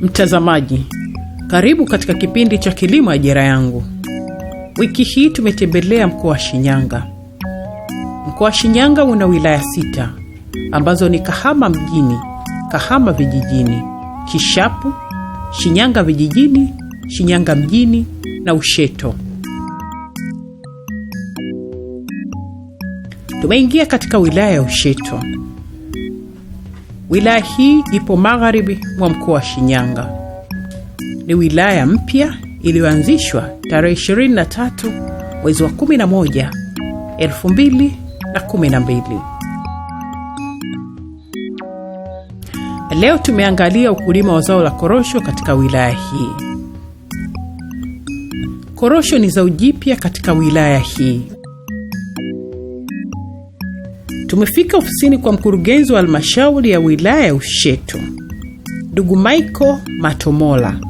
Mtazamaji, karibu katika kipindi cha Kilimo Ajira Yangu. Wiki hii tumetembelea mkoa wa Shinyanga Mkoa wa Shinyanga una wilaya sita ambazo ni Kahama mjini, Kahama vijijini, Kishapu, Shinyanga vijijini, Shinyanga mjini na Usheto. Tumeingia katika wilaya ya Usheto. Wilaya hii ipo magharibi mwa mkoa wa Shinyanga. Ni wilaya mpya iliyoanzishwa tarehe 23 mwezi wa 11 2000 na mbili. Leo tumeangalia ukulima wa zao la korosho katika wilaya hii. Korosho ni zao jipya katika wilaya hii. Tumefika ofisini kwa mkurugenzi wa halmashauri ya wilaya ya Ushetu, ndugu Michael Matomola.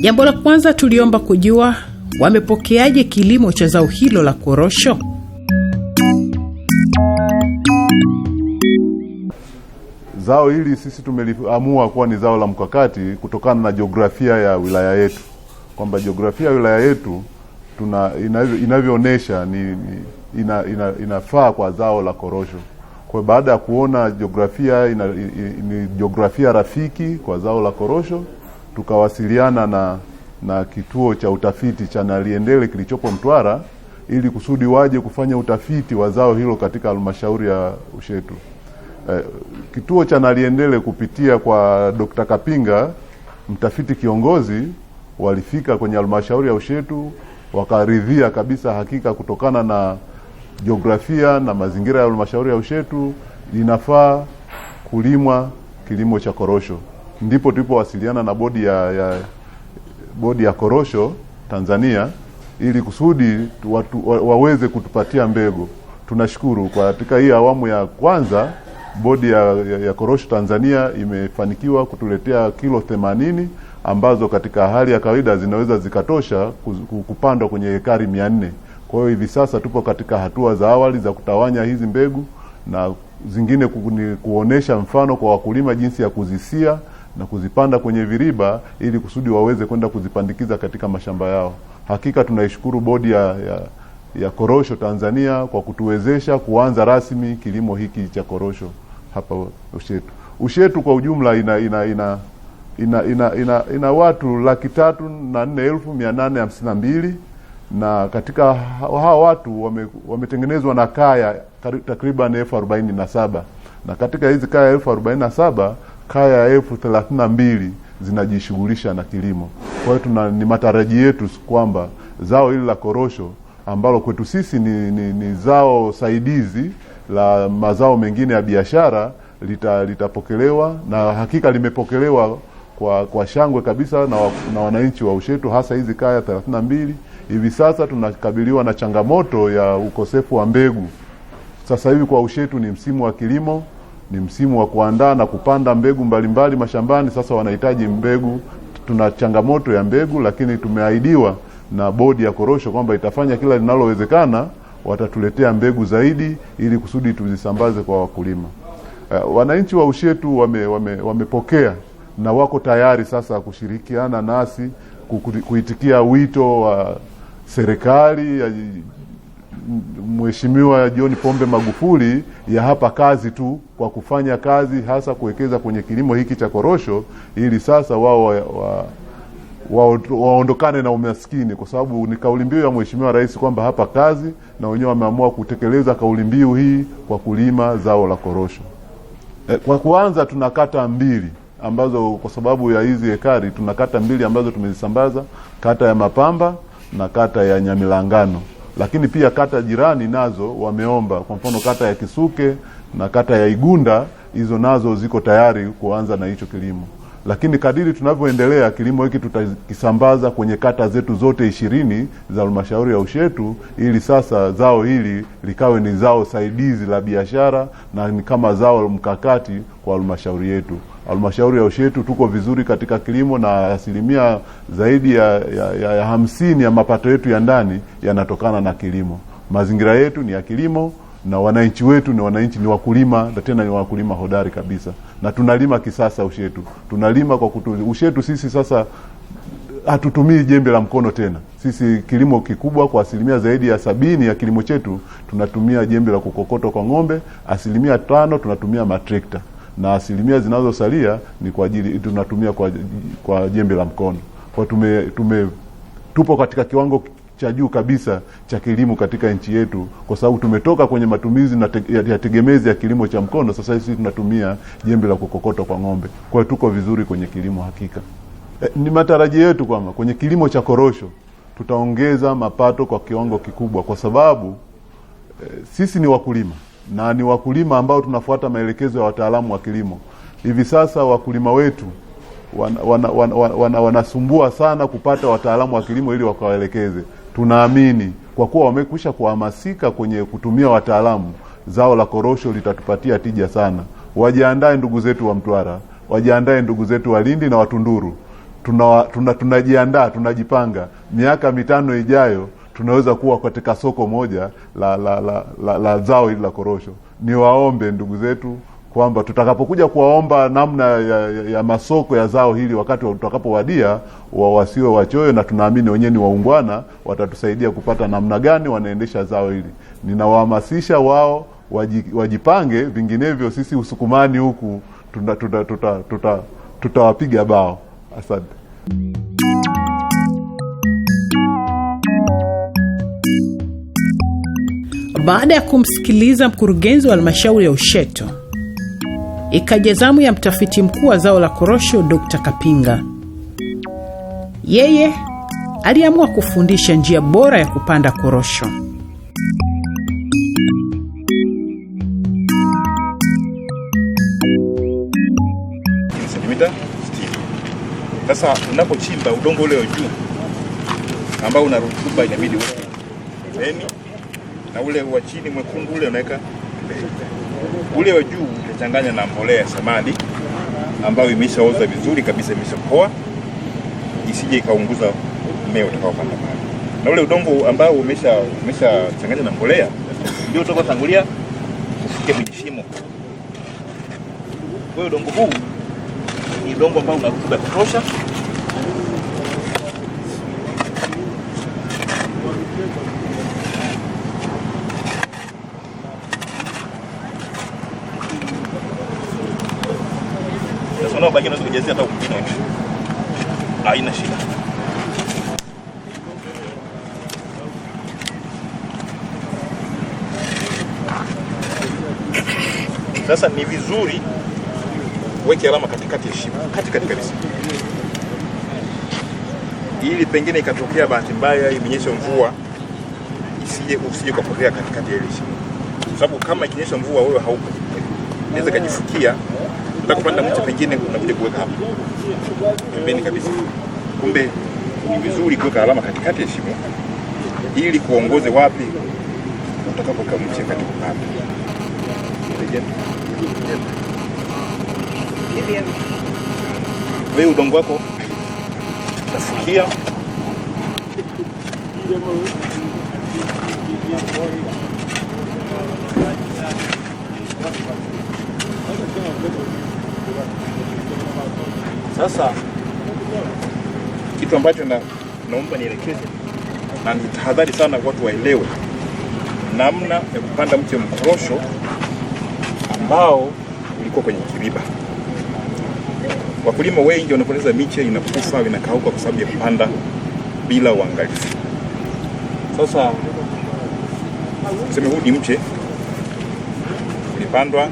Jambo la kwanza tuliomba kujua wamepokeaje kilimo cha zao hilo la korosho? Zao hili sisi tumeliamua kuwa ni zao la mkakati kutokana na jiografia ya wilaya yetu, kwamba jiografia ya wilaya yetu tuna inavyoonyesha ni ina, ina, inafaa kwa zao la korosho. Kwa baada ya kuona jiografia ni jiografia rafiki kwa zao la korosho tukawasiliana na na kituo cha utafiti cha Naliendele kilichopo Mtwara ili kusudi waje kufanya utafiti wa zao hilo katika halmashauri ya Ushetu. Eh, kituo cha Naliendele kupitia kwa Dr. Kapinga mtafiti kiongozi walifika kwenye halmashauri ya Ushetu wakaridhia kabisa, hakika kutokana na jiografia na mazingira ya halmashauri ya Ushetu linafaa kulimwa kilimo cha korosho. Ndipo tulipowasiliana na bodi ya, ya bodi ya korosho Tanzania ili kusudi watu, waweze kutupatia mbegu. Tunashukuru kwa katika hii awamu ya kwanza bodi ya, ya, ya korosho Tanzania imefanikiwa kutuletea kilo themanini ambazo katika hali ya kawaida zinaweza zikatosha kupandwa kwenye hekari mia nne. Kwa hiyo hivi sasa tupo katika hatua za awali za kutawanya hizi mbegu na zingine kuonesha mfano kwa wakulima jinsi ya kuzisia na kuzipanda kwenye viriba ili kusudi waweze kwenda kuzipandikiza katika mashamba yao. Hakika tunaishukuru bodi ya, ya, ya korosho Tanzania kwa kutuwezesha kuanza rasmi kilimo hiki cha korosho hapa Ushetu. Ushetu kwa ujumla ina ina ina ina, ina, ina, ina watu laki tatu na nne elfu mia nane hamsini na mbili na katika hawa watu wame, wametengenezwa na kaya takriban elfu arobaini na saba na katika hizi kaya elfu arobaini na saba kaya elfu thelathini na mbili zinajishughulisha na kilimo. Kwa hiyo ni mataraji yetu kwamba zao hili la korosho ambalo kwetu sisi ni, ni, ni zao saidizi la mazao mengine ya biashara lita, litapokelewa na hakika limepokelewa kwa, kwa shangwe kabisa na, wa, na wananchi wa Ushetu hasa hizi kaya thelathini na mbili. Hivi sasa tunakabiliwa na changamoto ya ukosefu wa mbegu. Sasa hivi kwa Ushetu ni msimu wa kilimo ni msimu wa kuandaa na kupanda mbegu mbalimbali mbali mashambani. Sasa wanahitaji mbegu, tuna changamoto ya mbegu, lakini tumeahidiwa na bodi ya korosho kwamba itafanya kila linalowezekana, watatuletea mbegu zaidi ili kusudi tuzisambaze kwa wakulima. Uh, wananchi wa Ushetu wame, wame, wamepokea na wako tayari sasa kushirikiana nasi kuitikia wito wa serikali Mheshimiwa John Pombe Magufuli ya hapa kazi tu, kwa kufanya kazi hasa kuwekeza kwenye kilimo hiki cha korosho, ili sasa wao wa, wa, wa, waondokane na umaskini, kwa sababu ni kauli mbiu ya Mheshimiwa Rais kwamba hapa kazi, na wenyewe wameamua kutekeleza kauli mbiu hii kwa kulima zao la korosho. E, kwa kuanza tuna kata mbili ambazo kwa sababu ya hizi hekari tuna kata mbili ambazo tumezisambaza, kata ya Mapamba na kata ya Nyamilangano lakini pia kata jirani nazo wameomba. Kwa mfano kata ya Kisuke na kata ya Igunda, hizo nazo ziko tayari kuanza na hicho kilimo, lakini kadiri tunavyoendelea kilimo hiki tutakisambaza kwenye kata zetu zote ishirini za halmashauri ya Ushetu, ili sasa zao hili likawe ni zao saidizi la biashara na ni kama zao mkakati kwa halmashauri yetu halmashauri ya ushetu tuko vizuri katika kilimo na asilimia zaidi ya, ya, ya, ya hamsini ya mapato yetu ya ndani yanatokana na kilimo. Mazingira yetu ni ya kilimo na wananchi wetu ni wananchi, ni wakulima na tena ni wakulima hodari kabisa, na tunalima kisasa. Ushetu, tunalima kwa kutu, Ushetu sisi sasa hatutumii jembe la mkono tena. Sisi kilimo kikubwa kwa asilimia zaidi ya sabini ya kilimo chetu tunatumia jembe la kukokotwa kwa ng'ombe, asilimia tano tunatumia matrekta na asilimia zinazosalia ni kwa ajili tunatumia kwa, kwa jembe la mkono. Kwa tume, tume tupo katika kiwango cha juu kabisa cha kilimo katika nchi yetu, kwa sababu tumetoka kwenye matumizi na te, ya tegemezi ya kilimo cha mkono. Sasa hivi tunatumia jembe la kukokota kwa ng'ombe, kwa hiyo tuko vizuri kwenye kilimo hakika. E, ni matarajio yetu kwamba kwenye kilimo cha korosho tutaongeza mapato kwa kiwango kikubwa, kwa sababu e, sisi ni wakulima na ni wakulima ambao tunafuata maelekezo ya wataalamu wa kilimo. Hivi sasa wakulima wetu wanasumbua wana, wana, wana, wana wanasumbua sana kupata wataalamu wa kilimo ili wakawaelekeze. Tunaamini kwa kuwa wamekwisha kuhamasika kwenye kutumia wataalamu, zao la korosho litatupatia tija sana. Wajiandae ndugu zetu wa Mtwara, wajiandae ndugu zetu wa Lindi na Watunduru. Tunajiandaa, tuna, tuna, tunajipanga miaka mitano ijayo tunaweza kuwa katika soko moja la la, la, la, la zao hili la korosho. Niwaombe ndugu zetu kwamba tutakapokuja kuwaomba namna ya, ya masoko ya zao hili wakati wa tutakapowadia, wa wasiwe wachoyo, na tunaamini wenyewe ni waungwana, watatusaidia kupata namna gani wanaendesha zao hili. Ninawahamasisha wao wajipange, vinginevyo sisi Usukumani huku tutawapiga tuta, tuta, tuta, tuta bao. Asante. Baada ya kumsikiliza mkurugenzi wa halmashauri ya Usheto, ikaja zamu ya mtafiti mkuu wa zao la korosho Dr. Kapinga. Yeye aliamua kufundisha njia bora ya kupanda korosho. Sasa unapochimba udongo ule wa juu ambao una rutuba inabidi uweke na ule wa chini mwekundu ule unaweka ule wa juu utachanganya na mbolea ya samadi ambayo imeshaoza vizuri kabisa, imeshapoa isije ikaunguza mmea utakaopanda pale, na ule udongo ambao umesha umeshachanganya na mbolea ndio utakaotangulia kufikia kwenye shimo. Kwa hiyo udongo huu ni udongo ambao una rutuba ya kutosha. Sasa ni vizuri weke alama katikati ya shimo, katikati kabisa, ili pengine ikatokea bahati mbaya imenyesha mvua isije usije ukapotea katikati ya ile shimo, kwa sababu kama ikinyesha mvua wewe haupo, inaweza kajifukia na kupanda mti, pengine unakuja kuweka hapo pembeni kabisa. Kumbe ni vizuri kuweka alama katikati ya shimo ili kuongoze wapi utakapoka mche katika wewe udongo wako tafukia sasa kitu ambacho na, naomba nielekeze na ni tahadhari sana watu waelewe namna ya kupanda mti mkorosho mbao ulikuwa kwenye kiriba. Wakulima wengi wanapoteza miche, inakufa inakauka kwa sababu ya kupanda bila uangalifu. Sasa tuseme huu ni mche ulipandwa,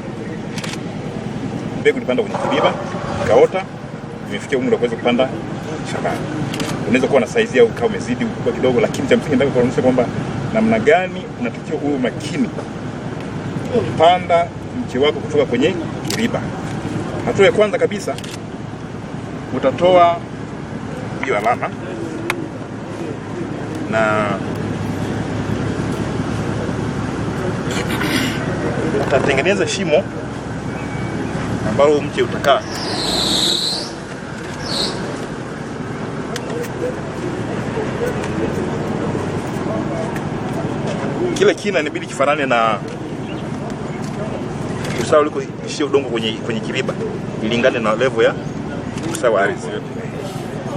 mbegu ulipandwa kwenye kiriba, ikaota, imefikia umri wa kuweza kupanda shambani. Unaweza kuwa na saizi au ukawa umezidi ukubwa kidogo, lakini cha msingi nataka kuonyesha kwamba namna gani unatakiwa uwe makini panda mche wako kutoka kwenye kiriba. Hatua ya kwanza kabisa utatoa hiyo alama na utatengeneza shimo ambalo mche utakaa. Kile kina inabidi kifanane na usawa ulikoishia udongo kwenye, kwenye kiriba ilingane na level ya usawa ardhi.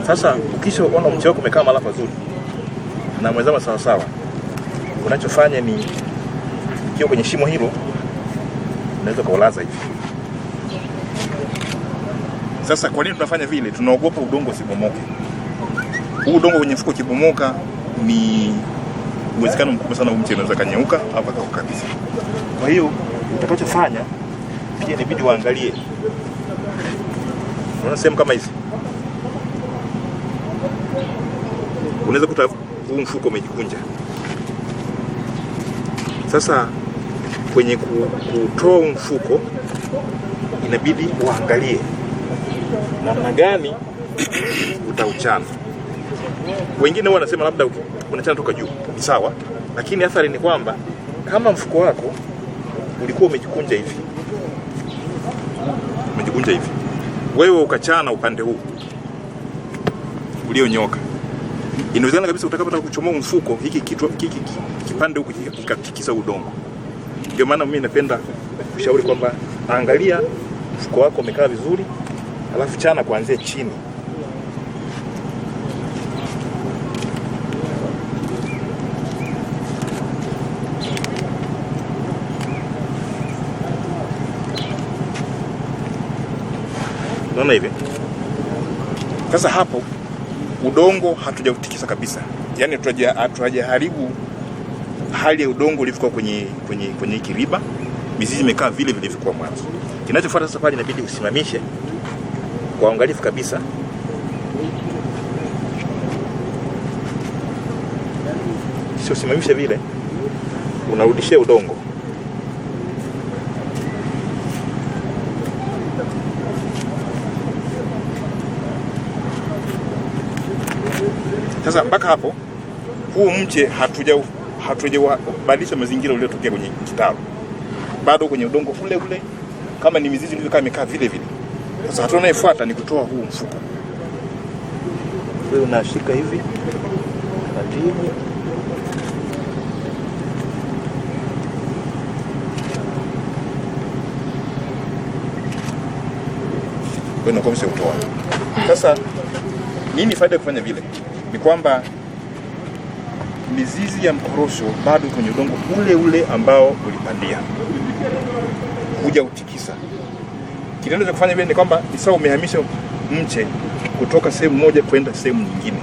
Sasa ukishaona mche wako umekaa mahala pazuri na mwezama sawa sawa, unachofanya ni ukiwa kwenye shimo hilo unaweza kaulaza hivi. Sasa kwa nini tunafanya vile? Tunaogopa udongo usibomoke. Huu udongo kwenye mfuko ukibomoka ni uwezekano mkubwa sana huu mche unaweza kanyeuka au kakauka kabisa. Kwa hiyo utakachofanya pia inabidi waangalie. Unaona sehemu kama hizi unaweza kuta huu mfuko umejikunja. Sasa kwenye kutoa mfuko inabidi waangalie namna gani utauchana. Wengine wanasema labda unachana toka juu, ni sawa, lakini athari ni kwamba kama mfuko wako ulikuwa umejikunja hivi unakunja hivi, wewe ukachana upande huu ulionyoka, inawezekana kabisa utakapata kuchomoa mfuko hiki kitu, hiki kipande huku kikatikisa udongo. Ndio maana mimi napenda kushauri kwamba angalia mfuko wako umekaa vizuri, alafu chana kuanzia chini. Unaona hivi sasa, hapo udongo hatujautikisa kabisa, yaani hatujaharibu hali ya udongo ulivyokuwa kwenye kwenye kwenye kiriba. Mizizi imekaa vile vilivyokuwa mwanzo. Kinachofuata sasa pale inabidi usimamishe kwa uangalifu kabisa Sio simamisha vile, unarudishia udongo Sasa mpaka hapo huu mche hatujaubadilisha mazingira uliotokea kwenye kitalu, bado kwenye udongo ule ule, kama ni mizizi ilivyokaa imekaa vile vile. Sasa hatua inayofuata ni kutoa huu mfuko. Wewe unashika hivi kadiri Sasa nini faida ya kufanya vile? ni kwamba mizizi ya mkorosho bado kwenye udongo ule ule ambao ulipandia, kuja utikisa. Kitendo cha kufanya vile ni kwamba ni sawa umehamisha mche kutoka sehemu moja kwenda sehemu nyingine,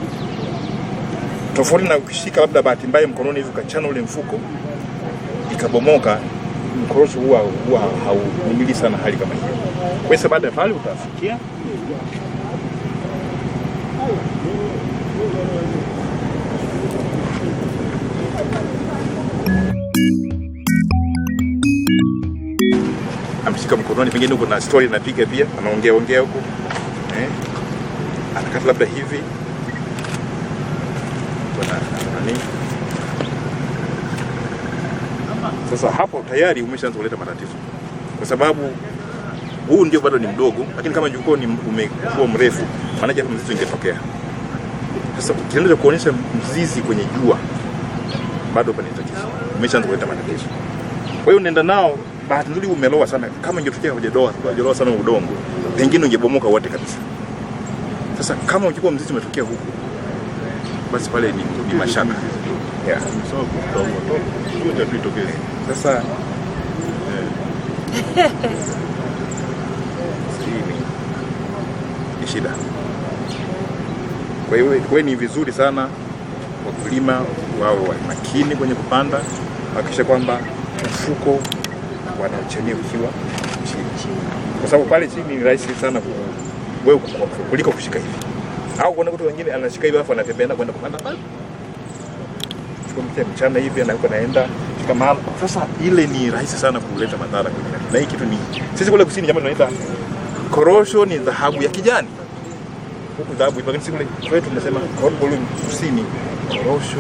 tofauti na ukishika labda bahati mbaya mkononi hivi ukachana ule mfuko ikabomoka, mkorosho huwa huwa haumili sana hali kama hiyo. Kwa sababu baada ya pale utafikia ameshika mkononi, pengine kuna na story anapiga pia, anaongea ongea huko eh, anakata labda hivi nani. Sasa hapo tayari umeshaanza kuleta matatizo, kwa sababu huu ndio bado ni mdogo, lakini kama jukoo ni umekuwa mrefu, maana hapo mzizi ungetokea. Sasa kitendo cha kuonyesha mzizi kwenye jua bado pana tatizo, umeshaanza kuleta matatizo. Kwa hiyo unaenda nao bahati nzuri umeloa sana. Kama ingetokea hujadoa hujadoa sana udongo, pengine ungebomoka wote kabisa. Sasa kama ukikuwa mzizi umetokea huku, basi pale ni, ni mashaka Sasa ni shida. Kwa hiyo kwa ni vizuri sana wakulima wawe makini kwenye kupanda, hakikisha kwamba mfuko wanauchemia ukiwa chini, kwa sababu pale chini ni rahisi sana wewe kuliko kushika hivi, au kuna mtu wengine anashika hivi alafu anatembea na kwenda kupanda pale mchana hivi anakuwa naenda kufika mahali. Sasa ile ni rahisi sana kuleta madhara kwenye na hii kitu ni sisi kule kusini jamani tunaita korosho ni dhahabu ya kijani. Huku dhahabu ipo lakini kule kwetu tunasema korosho kusini korosho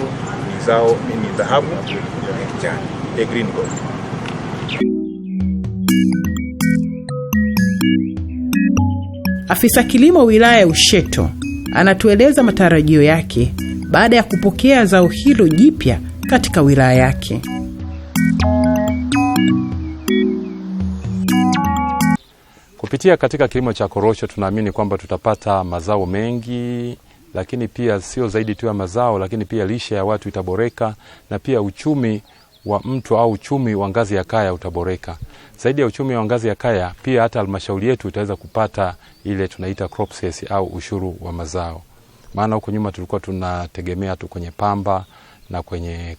ni zao ni dhahabu ya kijani. A green gold. Afisa kilimo wilaya ya Usheto anatueleza matarajio yake baada ya kupokea zao hilo jipya katika wilaya yake. Kupitia katika kilimo cha korosho, tunaamini kwamba tutapata mazao mengi, lakini pia sio zaidi tu ya mazao, lakini pia lishe ya watu itaboreka na pia uchumi wa mtu au uchumi wa ngazi ya kaya utaboreka. Zaidi ya uchumi wa ngazi ya kaya, pia hata halmashauri yetu itaweza kupata ile tunaita crop cess au ushuru wa mazao, maana huko nyuma tulikuwa tunategemea tu kwenye pamba na kwenye,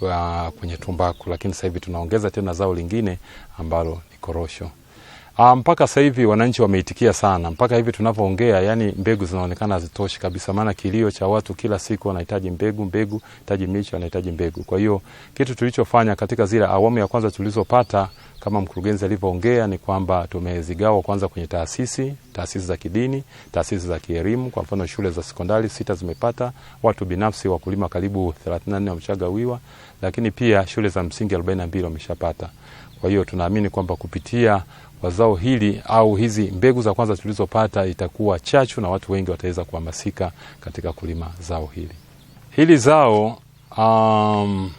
uh, kwenye tumbaku, lakini sasa hivi tunaongeza tena zao lingine ambalo ni korosho. Ah, mpaka sasa hivi wananchi wameitikia sana, mpaka hivi tunavyoongea, yani mbegu zinaonekana hazitoshi kabisa, maana kilio cha watu kila siku, wanahitaji mbegu, mbegu, hitaji miche, wanahitaji mbegu. Kwa hiyo kitu tulichofanya katika zile awamu ya kwanza tulizopata kama mkurugenzi alivyoongea ni kwamba tumezigawa kwanza kwenye taasisi, taasisi za kidini, taasisi za kielimu. Kwa mfano shule za sekondari sita zimepata, watu binafsi, wakulima karibu 34 wameshagawiwa, lakini pia shule za msingi 42 wameshapata. Kwa hiyo tunaamini kwamba kupitia wa zao hili au hizi mbegu za kwanza tulizopata itakuwa chachu na watu wengi wataweza kuhamasika katika kulima zao hili. Hili zao um,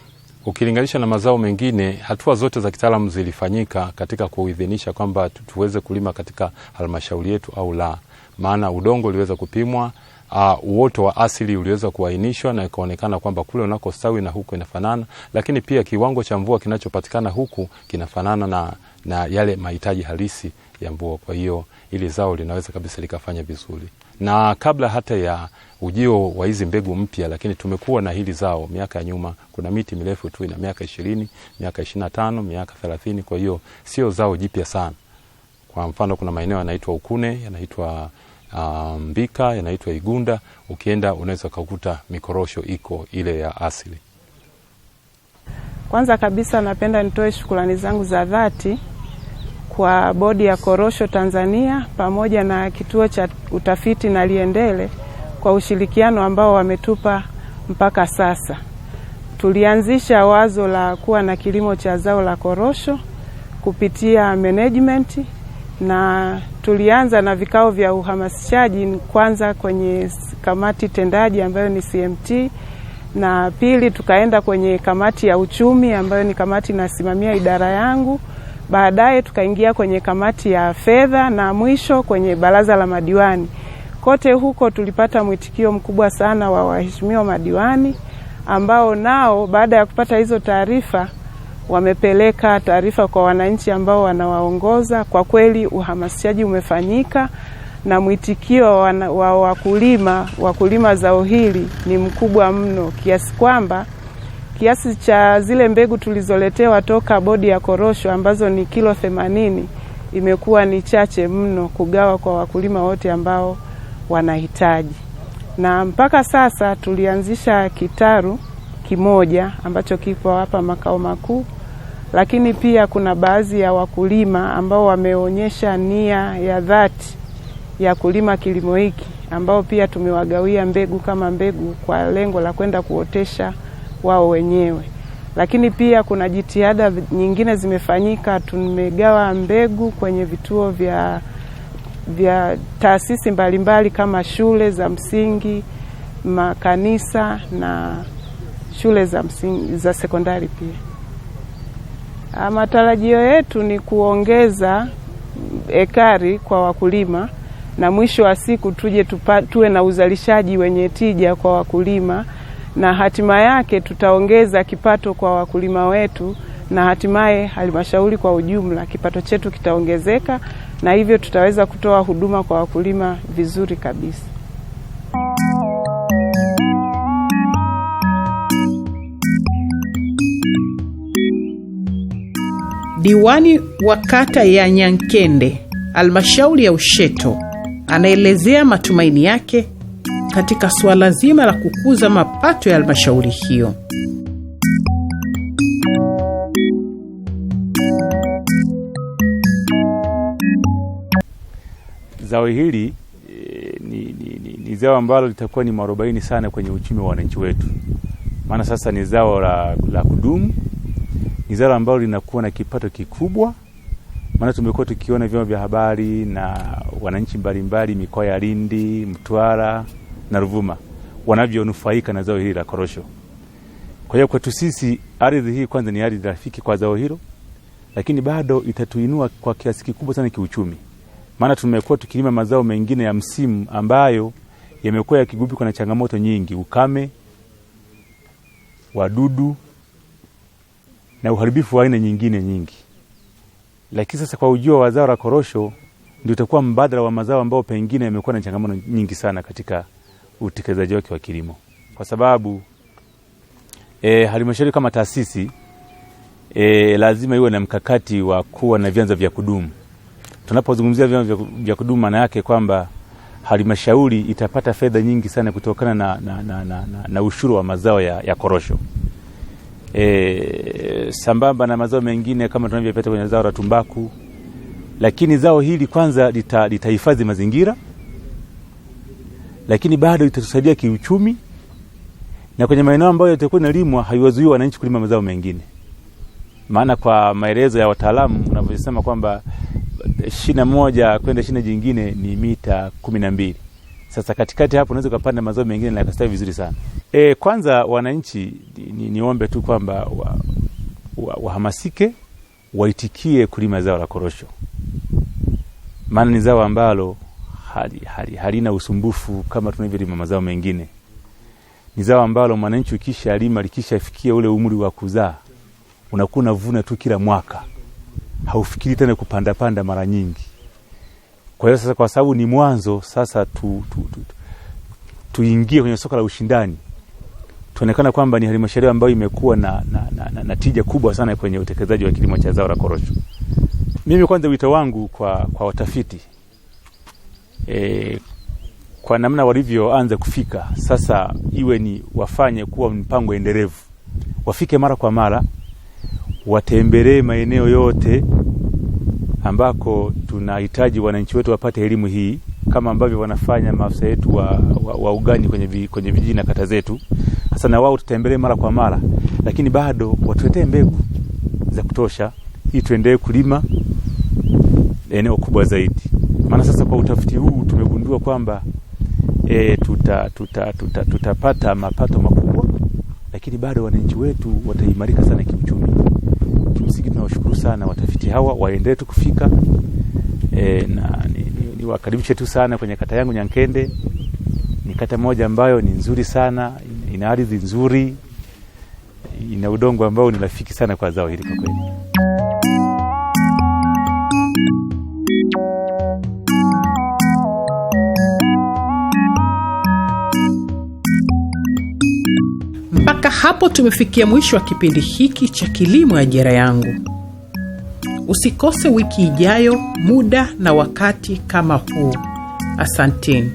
ukilinganisha na mazao mengine, hatua zote za kitaalamu zilifanyika katika kuidhinisha kwamba tuweze kulima katika halmashauri yetu au la, maana udongo uliweza kupimwa uh, uoto uh, wa asili uliweza kuainishwa na ikaonekana kwamba kule unakostawi na huku inafanana, lakini pia kiwango cha mvua kinachopatikana huku kinafanana na na yale mahitaji halisi ya mvua. Kwa hiyo ili zao linaweza kabisa likafanya vizuri, na kabla hata ya ujio wa hizi mbegu mpya, lakini tumekuwa na hili zao miaka ya nyuma. Kuna miti mirefu tu ina miaka ishirini, miaka ishirini na tano, miaka thelathini. Kwa hiyo sio zao jipya sana. Kwa mfano, kuna maeneo yanaitwa Ukune, yanaitwa ah, Mbika, um, yanaitwa Igunda. Ukienda unaweza ukakuta mikorosho iko ile ya asili. Kwanza kabisa, napenda nitoe shukrani zangu za dhati kwa Bodi ya Korosho Tanzania pamoja na kituo cha utafiti na Liendele kwa ushirikiano ambao wametupa mpaka sasa. Tulianzisha wazo la kuwa na kilimo cha zao la korosho kupitia management na tulianza na vikao vya uhamasishaji kwanza kwenye kamati tendaji ambayo ni CMT na pili tukaenda kwenye kamati ya uchumi ambayo ni kamati inasimamia idara yangu baadaye tukaingia kwenye kamati ya fedha na mwisho kwenye baraza la madiwani. Kote huko tulipata mwitikio mkubwa sana wa waheshimiwa madiwani ambao nao baada ya kupata hizo taarifa wamepeleka taarifa kwa wananchi ambao wanawaongoza. Kwa kweli uhamasishaji umefanyika na mwitikio wa wakulima wakulima zao hili ni mkubwa mno kiasi kwamba Kiasi cha zile mbegu tulizoletewa toka bodi ya korosho ambazo ni kilo themanini imekuwa ni chache mno kugawa kwa wakulima wote ambao wanahitaji, na mpaka sasa tulianzisha kitaru kimoja ambacho kipo hapa makao makuu, lakini pia kuna baadhi ya wakulima ambao wameonyesha nia ya dhati ya kulima kilimo hiki ambao pia tumewagawia mbegu kama mbegu kwa lengo la kwenda kuotesha wao wenyewe, lakini pia kuna jitihada nyingine zimefanyika. Tumegawa mbegu kwenye vituo vya vya taasisi mbalimbali kama shule za msingi, makanisa na shule za msingi, za sekondari pia. Ah, matarajio yetu ni kuongeza ekari kwa wakulima na mwisho wa siku tuje tupa, tuwe na uzalishaji wenye tija kwa wakulima na hatima yake tutaongeza kipato kwa wakulima wetu na hatimaye halmashauri kwa ujumla, kipato chetu kitaongezeka na hivyo tutaweza kutoa huduma kwa wakulima vizuri kabisa. Diwani wa kata ya Nyankende, halmashauri ya Usheto, anaelezea matumaini yake katika suala zima la kukuza mapato ya halmashauri hiyo. Zao hili eh, ni, ni, ni, ni zao ambalo litakuwa ni mwarobaini sana kwenye uchumi wa wananchi wetu, maana sasa ni zao la, la kudumu, ni zao ambalo linakuwa na kipato kikubwa maana tumekuwa tukiona vyombo vya habari na wananchi mbalimbali mikoa ya Lindi, Mtwara na Ruvuma wanavyonufaika na zao hili la korosho. Kwa hiyo kwetu sisi ardhi hii kwanza ni ardhi rafiki kwa zao hilo, lakini bado itatuinua kwa kiasi kikubwa sana kiuchumi, maana tumekuwa tukilima mazao mengine ya msimu ambayo yamekuwa yakigubikwa na changamoto nyingi, ukame, wadudu na uharibifu wa aina nyingine nyingi. Lakini sasa kwa ujio wa zao la korosho ndio itakuwa mbadala wa mazao ambayo pengine yamekuwa na changamoto nyingi sana katika utekelezaji wake wa kilimo, kwa sababu e, halmashauri kama taasisi e, lazima iwe na mkakati wa kuwa na vyanzo vya kudumu. Tunapozungumzia vyanzo vya kudumu, maana yake kwamba halmashauri itapata fedha nyingi sana kutokana na, na, na, na, na, na ushuru wa mazao ya, ya korosho e, sambamba na mazao mengine kama tunavyopata kwenye zao la tumbaku, lakini zao hili kwanza litahifadhi mazingira lakini bado itatusaidia kiuchumi, na kwenye maeneo ambayo yatakuwa inalimwa haiwazuii wananchi kulima mazao mengine, maana kwa maelezo ya wataalamu unavyosema kwamba shina moja kwenda shina jingine ni mita kumi na mbili. Sasa katikati hapo unaweza ukapanda mazao mengine na yakastawi vizuri sana. E, kwanza wananchi niombe ni tu kwamba wahamasike wa, wa waitikie kulima zao la korosho, maana ni zao ambalo hali, hali, halina usumbufu kama tunavyolima mazao mengine. Ni zao ambalo mwananchi ukisha lima likishafikia ule umri wa kuzaa unakuwa unavuna tu kila mwaka, haufikiri tena kupanda panda mara nyingi. Kwa hiyo sasa, kwa sababu ni mwanzo, sasa tu, tu, tu, tu, tuingie kwenye soko la ushindani tuonekana kwamba ni halmashauri ambayo imekuwa na, na, na, na, na tija kubwa sana kwenye utekelezaji wa kilimo cha zao la korosho. Mimi kwanza, wito wangu kwa, kwa watafiti e, kwa namna walivyoanza kufika sasa, iwe ni wafanye kuwa mpango endelevu, wafike mara kwa mara, watembelee maeneo yote ambako tunahitaji wananchi wetu wapate elimu hii kama ambavyo wanafanya maafisa yetu wa, wa, wa ugani kwenye, kwenye vijiji na kata zetu. Sasa na wao tutembelee mara kwa mara, lakini bado watuletee mbegu za kutosha ili tuendelee kulima eneo kubwa zaidi. Maana sasa kwa utafiti huu tumegundua kwamba e, tutapata tuta, tuta, tuta mapato makubwa, lakini bado wananchi wetu wataimarika sana kiuchumi. Kimsingi tunawashukuru sana watafiti hawa, waendelee tu kufika e, na niwakaribishe ni, ni tu sana kwenye kata yangu Nyankende. Ni kata moja ambayo ni nzuri sana, ina ardhi nzuri, ina udongo ambao ni rafiki sana kwa zao hili kwa kweli. mpaka hapo tumefikia mwisho wa kipindi hiki cha Kilimo Ajira Yangu. Usikose wiki ijayo, muda na wakati kama huu. Asanteni.